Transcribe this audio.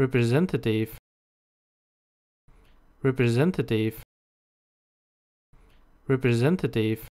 representative representative representative